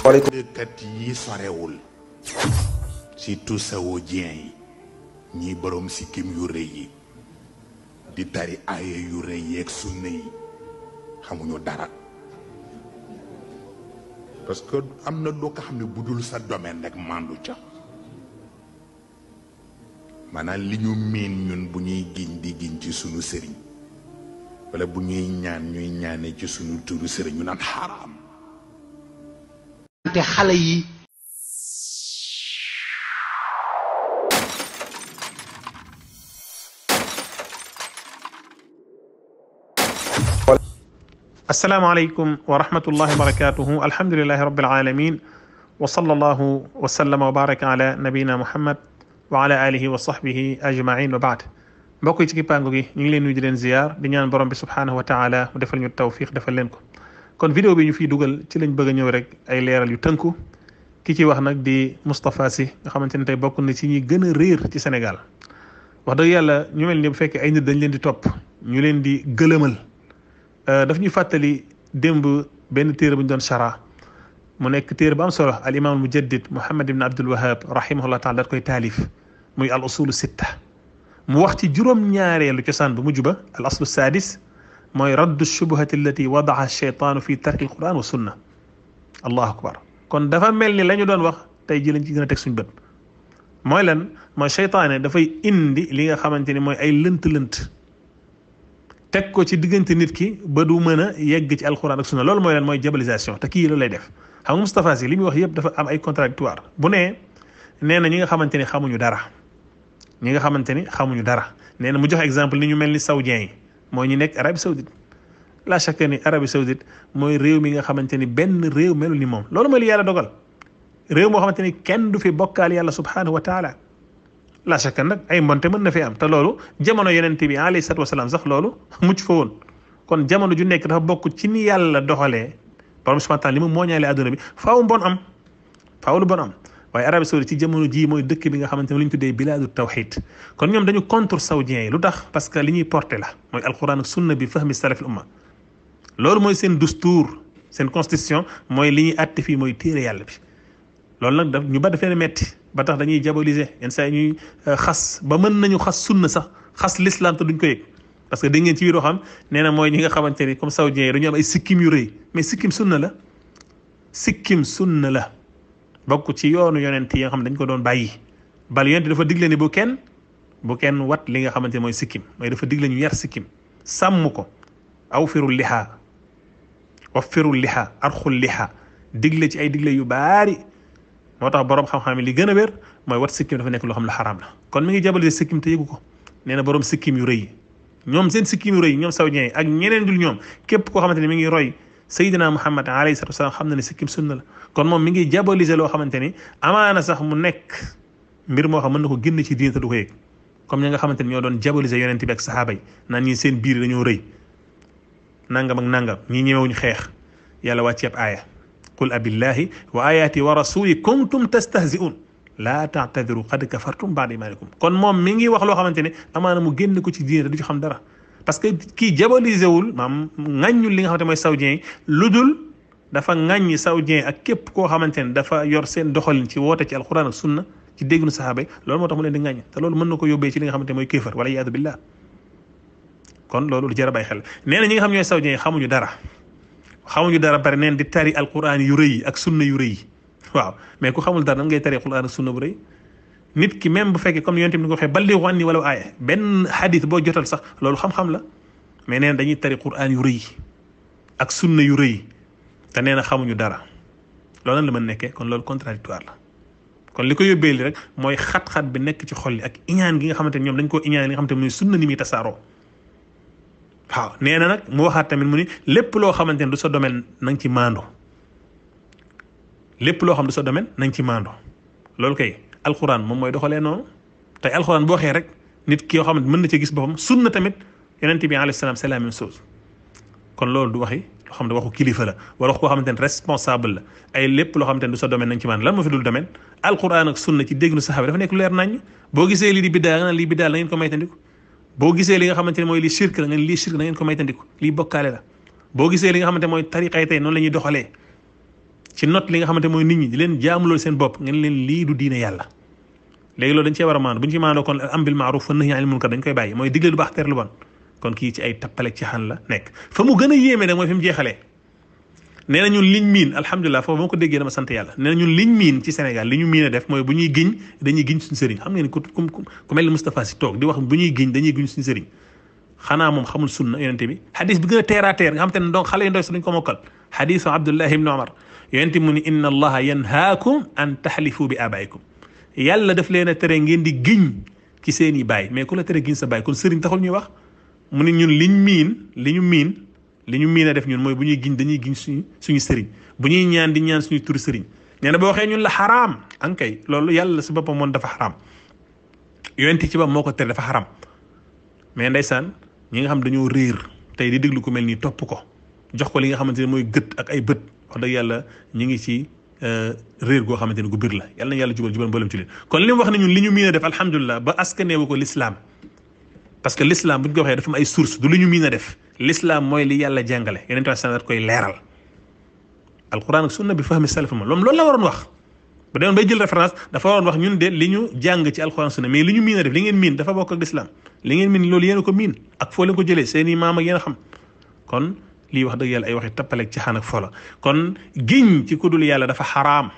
waaleykum kat yi sorewul surtout saoudien yi ñi borom sikkim yu rëy yi di tari aaye yu rëy yeeg sunna yi xamuñu dara parce que am na doo ko xam ne bu dul sa domaine rek mandu ca maanaam li ñu miin ñun bu ñuy giñ di giñ ci sunu sëriñ wala bu ñuy ñaan ñuy ñaanee ci sunu turu sëriñ ñu naan xaraam السلام عليكم ورحمة الله وبركاته الحمد لله رب العالمين وصلى الله وسلم وبارك على نبينا محمد وعلى آله وصحبه أجمعين وبعد بكو يتكي بانغوغي نيلي نيجرين زيار بنيان برمب سبحانه وتعالى ودفل التوفيق دفل kon vidéo bi ñu fiy dugal ci lañ bëgg a ñëw rek ay leeral yu tënku ki ci wax nag di mustapha Sy nga xamante ne tey bokk na ci ñi gën a réer ci Sénégal wax dëgg yàlla ñu mel ni bu fekkee ay nit dañ leen di topp ñu leen di gëlëmal daf ñuy fàttali démb benn téere bu ñu doon chara mu nekk téere bu am solo al imam al mujaddid Muhammad ibn Abdul Wahab rahimahullah taala dat koy taalif muy al usulu sitta mu wax ci juróom ñaareelu cosaan bu mujj ba al aslu sadis mooy raddu shubuhat allati wadaha cheytaanu fi tarki alquran wa sunna allahu akbar kon dafa mel ni la ñu doon wax tey ji lañ ci gën a teg suñ bët mooy lan mooy cheytaane dafay indi li nga xamante ni mooy ay lënt-lënt teg ko ci diggante nit ki ba du mën a yegg ci alxuraan ak sunna loolu mooy lan mooy diabolisation te kii la lay def xam nga Moustapha Sy li muy wax yëpp dafa am ay contradictoire bu ne nee na ñi nga xamante ni xamuñu dara ñi nga xamante ni xamuñu dara nee na mu jox exemple ni ñu mel ni saoudien yi moy ñu nek Arabie Saoudite la chaque ni Arabie Saoudite moy rew mi nga xamanteni ben rew melu ni mom lolu mooy li yàlla dogal rew mo xamanteni kenn du fi bokkaal yàlla subhanahu wa taala la chaque nak ay monté mën na fi am ta lolu jamono yenente bi alayhi salatu wasalaam sax lolu mucc fa won kon jamono ju nek dafa bokku ci ni yàlla doxale borom subhanahu wa taala limu moñale aduna bi faaw bon am faaw lu bon am waaye Arabie saudi ci jamono jii mooy dëkk bi nga xamante ne li ñu tuddee bilaadu tawxid kon ñoom dañu contre saoudiens yi lu tax parce que li ñuy porté la mooy alquran ak sunna bi fahmi salafil umma loolu mooy seen dustour seen constitution mooy li ñuy àtte fii mooy téere yàlla bi loolu nag ñu ba dafee metti ba tax dañuy jaboliser yenn saa ñuy xas ba mën nañu xas sunna sax xas l'islam te duñ ko yëg parce que dégg ngeen ci biir xam nee na mooy ñi nga xamante ni comme saoudiens yi dañu am ay sikkim yu rëy mais sikkim sunna la sikkim sunna la bokk ci yoonu yonent yi nga xam ne dañ ko doon bàyyi bal yonent dafa digle ni bu kenn bu kenn wat li nga xamante ne mooy sikkim mooy dafa digle ñu yar sikkim sàmm ko aw firul liha waffirul liha arxul digle ci ay digle yu baari moo tax borom xam-xam yi li gën a wér mooy wat sikkim dafa nekk loo xam ne xaraam la kon mi ngi jabale sikkim te yëgu ko nee na borom sikkim yu rëy ñoom seen sikkim yu rëy ñoom saw ñeey ak ñeneen dul ñoom képp koo xamante ne mi ngi roy سيدنا محمد عليه الصلاه والسلام خمنا ني سكيم سنه لا كون موم ميغي جابوليزي لو خامتاني امانه صاح مو نيك مير مو خام منكو ген سي دين تا دوكاي كوم نيغا خامتاني ньо دون جابوليزي يونتي بك صحابي نان ني سين بير دانيو ري نانغام اك نانغام ني نيمو ني خيخ يالا واتي اب ايه قل ابي الله واياتي ورسولي كنتم تستهزئون لا تعتذروا قد كفرتم بعد ايمانكم كون موم ميغي واخ لو خامتاني امانه مو ген كو سي دين تا دو خام دارا parce que ki diabolisé wul maam ŋàññul li nga xamante moy saoudien yi dafa ŋàññi saoudien ak kep ko xamante dafa yor sen doxalin ci wote ci alquran ak sunna ci déggnu saxaaba yi motax moo tax mu leen di ngagn te loolu mën nako ko ci li nga xamante moy kefer wala yaad billah kon loolu lu jara bay xel neena ñi nga xam ñoy saoudien xamuñu dara xamuñu dara bari neen di tari alquran yu reuy ak sunna yu reuy waaw mais ku xamul dara ngay tari alquran ak sunna bu reuy nit ki même bu fekkee comme yonent bi ni ko waxee balli anni wala aaya benn xadis boo jotal sax loolu xam-xam la mais nee dañuy tari quran yu rëy ak sunna yu rëy te nee na xamuñu dara loolu nan la mën nekkee kon loolu contradictoire la kon li ko yóbbee rek mooy xat-xat bi nekk ci xol li ak iñaan gi nga xamante ne ñoom dañ koo iñaan li nga xamante ne muy sunna ni muy tasaaroo waaw nee na nag mu waxaat tamit mu ni lépp loo xamante ne du sa domaine na ci maando lépp loo xam du sa domaine na ci maando loolu kay alquran mom moy doxale non tey alquran bo xé rek nit ki yoo xam ne mën na ci gis bopam sunna tamit yonent bi alayhi salaam c'est la même chose kon lolou du waxi lo xam ne waxu kilifa la wala ko koo responsable la ay lépp lo xamante du sa domaine nang ci man lan mo fi dul domaine alquran ak sunna ci déglu sahaba dafa nek leer nañ bo gisé li di bidda nga li bidda la ngeen ko maytandiku bo gisé li nga xamante moy li shirk la ngeen li shirk na ngeen ko maytandiku li bokalé la bo gisé li nga xamante moy tariqa tay non lañuy doxalé ci not li nga xamante mooy nit ñi di leen jaamuloo seen bopp ngeen leen lii du diine yàlla léegi loolu dañ cee war a maandu bu ñu ci maandoo kon a yéeme alhamdulilah foofu ba ko déggee dama sant yàlla nee na ñun liñ miin ci Sénégal li ñu miin a def mooy bu ñuy giñ dañuy giñ suñu sëriñ xam ngeen ku ku mel ni Moustapha Sy xanaa moom xamul sunna yonente bi hadis bi gën a teer nga xam te ne donc xale yu ndaw si dañ ko mokkal hadisu Abdullah ibn Omar yonent mu ni inna allaha yanhaakum an taxlifu bi abaykum yàlla daf leen a ngeen di giñ ci seen i baay mais ku la tere sa baay kon sëriñ ñuy wax mu ne ñun liñ miin li ñu miin li ñu miin a def ñun mooy bu ñuy giñ dañuy giñ suñu suñu sëriñ bu ñuy ñaan di ñaan suñu turi sëriñ nee boo waxee ñun la xaraam ankay loolu yàlla si boppam moom dafa xaraam yonent ci ba moo ko tere dafa xaraam mais ndeysaan ñi nga xam dañoo réer tey di déglu ko mel nii topp ko jox ko li nga xamante ne mooy gët ak ay bët wax dëgg yàlla ñu ngi ci réer goo xamante ni gu bir la yàlla na yàlla jubal jubal mboolem ci leen kon li mu wax ne ñun li ñu miin a def alhamdulilah ba askanee ko l'islam parce que l'islam bu ñu ko waxee dafa am ay source du li ñu miin a def l'islam mooy li yàlla jàngale yeneen tamit sanat koy leeral alquran ak sunna bi fahmi salaf ma loolu loolu la waroon wax bu demoon bay jël référence dafa waroon wax ñun de li ñu jàng ci alquran sunna mais li ñu miin a def li ngeen miin dafa bokk ak l'islam li ngeen miin loolu yéen a ko miin ak foo leen ko jëlee seen i maam ak yéen a xam kon li wax deug yàlla ay waxi tapale ci xana fola kon giñ ci kudul yàlla dafa haram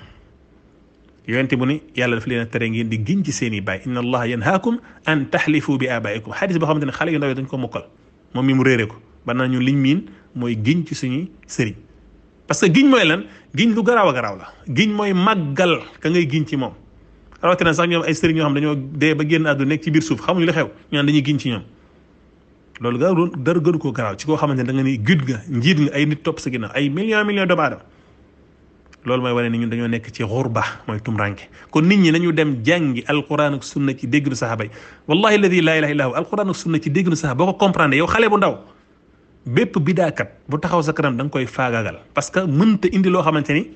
yoonte bu ni yàlla dafa leena tere ngeen di giñ ci seeni bay inna allaha yanhaakum an tahlifu bi abaikum hadith bo xamanteni ne xale yu ndaw dañ ko mokkal mom mi mu réere ko ba na ñu liñ min moy giñ ci suñu sëriñ parce que giñ moy lan giñ lu garaw garaw la giñ moy magal ka ngay giñ ci mom rawati na sax ñom ay sëriñ ñoo xam dañoo dé ba génn addu nek ci bir suuf xamuñu li xew naan dañuy giñ ci ñom loolu ga doon dara gënu ko garaaw ci koo xamante ne da nga ni nga njiit nga ay nit topp sa ginnaaw ay millions millions doomu aadama loolu mooy wane ni ñu dañoo nekk ci xurba mooy tumranke kon nit ñi nañu dem jàngi alquran ak sunna ci dégg nu saxaaba yi wallahi alladi laa ilaha illa hu alquran ak sunna ci dégg nu saxaaba boo ko comprendre yow xale bu ndaw bépp bidaakat bu taxaw sa kanam da nga koy faagagal parce que mënta indi loo xamante ni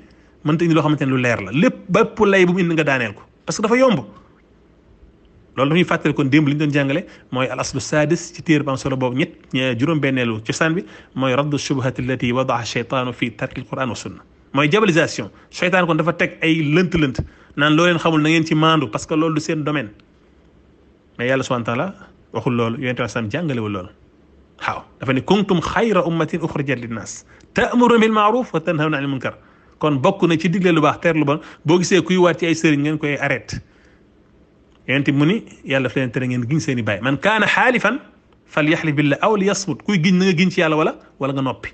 mënta indi loo xamante ni lu leer la lépp bépp lay bu mu indi nga daaneel ko parce que dafa yomb loolu dañuy fàttali kon démb li ñu doon jàngale mooy al aslu sadis ci téere bu am solo boobu ñett juróom-benneelu cosaan bi mooy raddu shubhat allati wadaa cheytaanu fi tarki alquran wa sunna mooy jabalisation cheytaan kon dafa teg ay lënt-lënt naan loo leen xamul na ngeen ci mandu parce que loolu du seen domaine mais yàlla subhana taala waxul loolu yonente wa jàngale jàngalewul loolu waaw dafa ni kuntum xayra ummatin uxrijat linnas taamuruna bil maaruf wa tanhawna anil munkar kon bokk na ci digle lu baax teer lu bon boo gisee kuy waat ci ay sëriñ ngeen koy arrêté يعني مني يلا فلان ترى ين جين سيني باي من كان حالفا فليحلف بالله أو ليصمت كوي جين نجا جين يلا ولا ولا غنوبي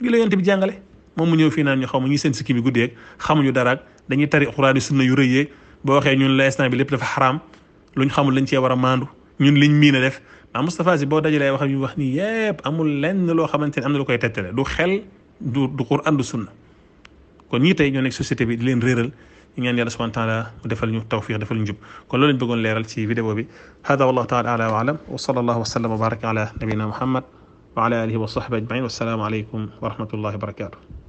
قلوا ينتي بجانغلة ما من يوفي نان يخاف من يسنس كي بيجود يك خاف من يدارك دني تري خراني سنة يوري يك بوخ يعني الله يسنا بيلف لف حرام لون خاف من لنتي ورا مانو نون لين مين الف ما مصطفى زبوا دجلة وخاف من وحني ياب أمو لين لو خاف من تين أمو لو كي تتلا دو خل دو قرآن دو سنة كوني تاي يونيك سوسيتي بيدلين ريرل ñu ñaan yàlla subhanahu wa taala mu defal ñu tawfiq defal ñu jub kon loolu lañ bëggoon leeral ci vidéo bi hada wallahu taala ala wa alam wa sallallahu wa sallam wa baraka ala nabina muhammad wa ala alihi wa sahbihi ajmain wassalaamu alaykum wa rahmatullahi wa barakatuh